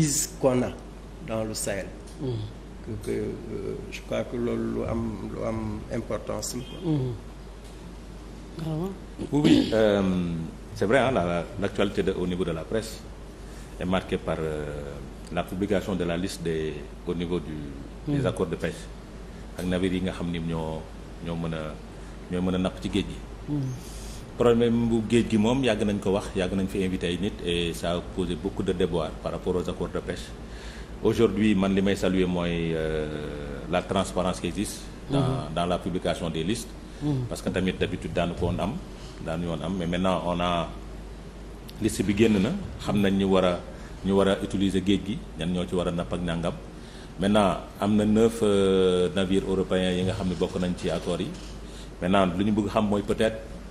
crise qu'on dans le Sahel mm. euh, je crois que loolu lu am lu am importance ah ouais. Mm. oui, oui euh, la l'actualité de, au niveau de la presse est marquée par euh, la de la liste des au niveau du mm. des de pêche ak navires yi nga xam ni ñoo ñoo mën a ñoo mën a napp ci géej gi problème bu géej gi moom yàgg nañ ko wax yàgg nañ fi invité ay nit et ça a posé beaucoup de déboires par rapport aux accords de pêche aujourd'hui man li may saluer mooy euh, la transparence qui existe dans mhm. la publication des listes mhm. parce que tamit d'habitude daanu ko woon am daanu yoon am mais maintenant on a liste bi génn na xam nañ ñu war a ñu war a utiliser géej gi ñan ñoo ci war a napp ak nàngam maintenant am na neuf euh, navires européens yi nga xam ni bokk nañ ci accords yi maintenant lu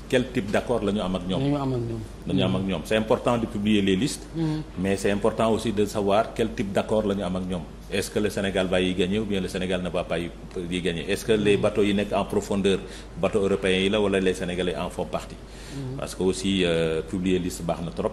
quel type d'accord la ñu am ak ñoom. la am ak ñoom. c'est important de publier les listes. Mm-hmm. mais c'est important aussi de savoir quel type d'accord la am ak ñoom. est-ce que le Sénégal va y gagner ou bien le Sénégal ne va pas y est-ce que les mm-hmm. bateaux yi nekk en profondeur bateaux européens yi la wala les Sénégalais en font partie. Mm-hmm. parce que aussi euh, publier liste baax na trop.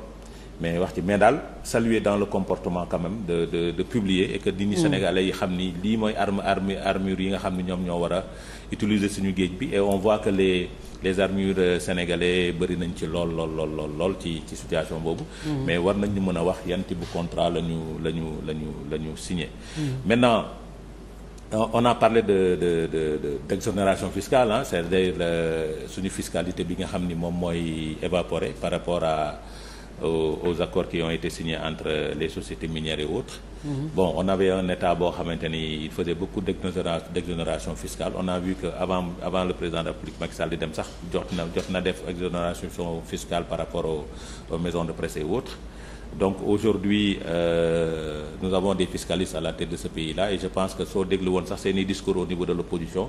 mais wax ci mais daal saluer dans le comportement quand même de de de publier et que nit ñi mm. sénégalais yi xam ni lii mooy arme arme armure yi nga xam ni ñoom ñoo war a utiliser suñu géej bi et on voit que les les armures euh, sénégalais bëri nañ ci lool lool lool lool ci ci situation boobu. Mm. mais war nañ ñu mën a wax yan type bu contrat la ñu la ñu la ñu la ñu signé. Mm. maintenant on a parlé de de de d'exonération fiscale ah de à suñu fiscalité bi nga xam ni moom mooy évaporé par rapport à. aux, aux accords qui ont été signés entre les sociétés minières et autres. Mm -hmm. Bon, un état boo xamante ni il faisait beaucoup d'exonération fiscale on a vu que avant avant le président de la République Macky Sall di dem sax jot na jot na def exonération fiscale par rapport aux, aux maisons de presse et autres. donc aujourd'hui euh, nous avons des fiscalistes à la tête de ce pays-là et je pense que soo déglu woon sax seeni discours au niveau de l'opposition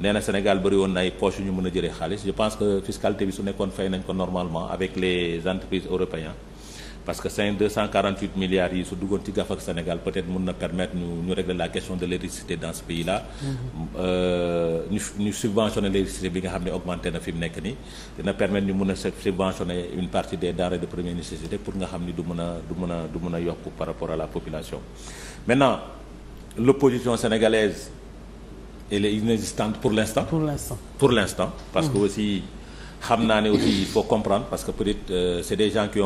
nee Sénégal bëri ay poche yu ñu mën a jële xaalis je pense que fiscalité bi su nekkoon fay nañ ko normalement avec les entreprises européennes parce que cinq deux cent quarante huit milliards yi su duggoon ci gaf ak Sénégal peut-être mën na permettre ñu ñu la question de l'électricité dans ce pays là. Mm-hmm. Euh, ñu subventionner l'électricité bi nga xam ne augmenté na fi mu nekk nii. dina permettre ñu mën a subventionner une partie des denrées de première nécessité pour nga xam ni du mën a du mën a du mën a yokk par rapport à la population. maintenant l'opposition sénégalaise elle est inexistante pour l'instant. pour l'instant pour parce que mm-hmm. aussi xam naa ne aussi il parce que peut-être euh, c'est des gens qui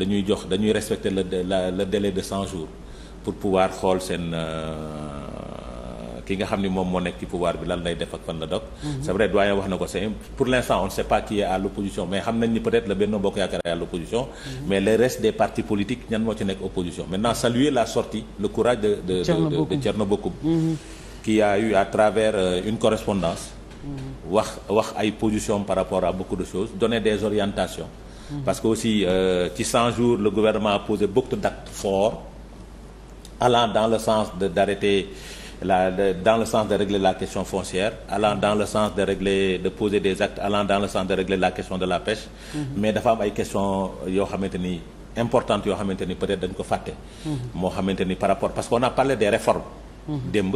dañuy jox dañuy respecter le la le délai de cent jours pour pouvoir xool seen euh, ki nga xam ni moom moo nekk ci pouvoir bi lan lay def ak fan la dog mhm. c'est vrai doyen wax na ko c'est pour l'instant on ne sait pas qui est à l'opposition mais xam nañ ni peut-être la Benno Bokk Yaakaar est à l'opposition mhm. mais le reste des partis politiques ñan moo ci nekk opposition maintenant saluer la sortie le courage de de de Thierno Bocoum mhm. a à travers euh, une correspondance wax wax ay position par rapport à beaucoup de choses donner des orientations Mm-hmm. parce que aussi euh, ci 100 jours le gouvernement a posé beaucoup d'actes forts allant dans le sens de d'arrêter la de, dans le sens de régler la question foncière allant dans le sens de régler de poser des actes allant le sens de la question de la pêche mm mais dafa am ay question yoo xamante ni importante yoo xamante ni peut-être dañ ko fàtte mm-hmm. moo xamante ni par rapport parce qu'on a parlé des réformes démb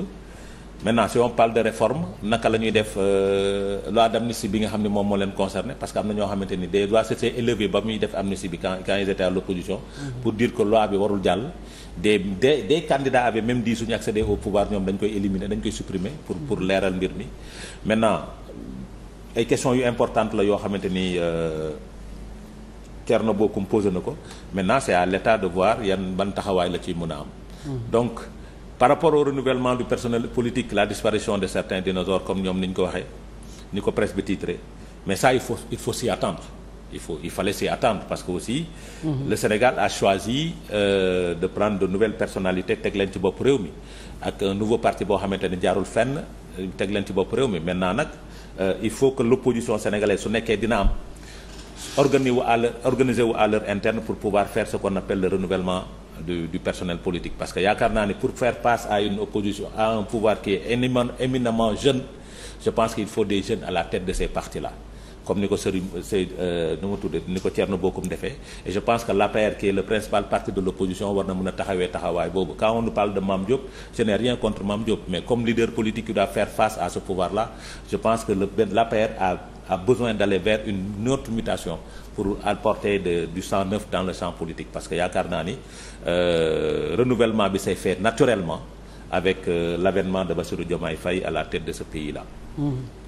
maintenant si on parle de réforme naka la ñuy def euh, loi d'amnistie bi nga xam ne moom moo leen concerné parce que am na ñoo xamante ni des lois s'étaient élevées ba muy def amnistie bi quand quand ils étaient à mm-hmm. pour dire que loi bi warul jàll des des des candidats avaient même dit suñu accéder au pouvoir ñoom dañ koy éliminer dañ koy supprimer pour pour mm-hmm. leeral mbir mi maintenant ay questions yu importante la yoo xamante ni euh, Thierno Bocoum posé na ko maintenant c'est à l'état de voir yan ban la ci mën a am mm-hmm. par rapport au renouvellement du personnel politique la disparition de certains dinosaures comme ñoom ni ñu ko waxee ni ko presse bi titré mais ça il faut il attendre il fallait s'y attendre parce que aussi. Mm-hmm. le Sénégal a choisi euh, de prendre de nouvelles personnalités teg leen ci bopp réew mi ak nouveau parti boo xamante ne jaarul fenn teg leen ci bopp réew mi maintenant nag euh, il faut que l'opposition sénégalaise su nekkee dina am organiser wu à leur, organiser wu à leur interne pour pouvoir faire ce qu'on du du personnel politique parce que yaakaar naa ne pour faire face à une opposition à un pouvoir qui est éminemment jeune je pense qu'il faut des jeunes à la tête de ces partis là comme ni ko Serigne Sey euh, nu mu tuddee ni ko Thierno Bocoum defee et je pense que l'APR qui est le principal parti de l'opposition war na mën a taxawee taxawaay boobu quand on nous parle de Mame Diop je n'ai rien contre Mame Diop mais comme leader politique qui doit faire face à ce pouvoir là je pense que le l'APR a a besoin d'aller vers une autre mutation pour apporter de, du sang neuf dans le champ politique parce que yaakaar naa ni euh, renouvellement bi s'est fait naturellement avec euh, l'avènement de Bassirou Diomaye Faye à la tête de ce pays là. Mmh.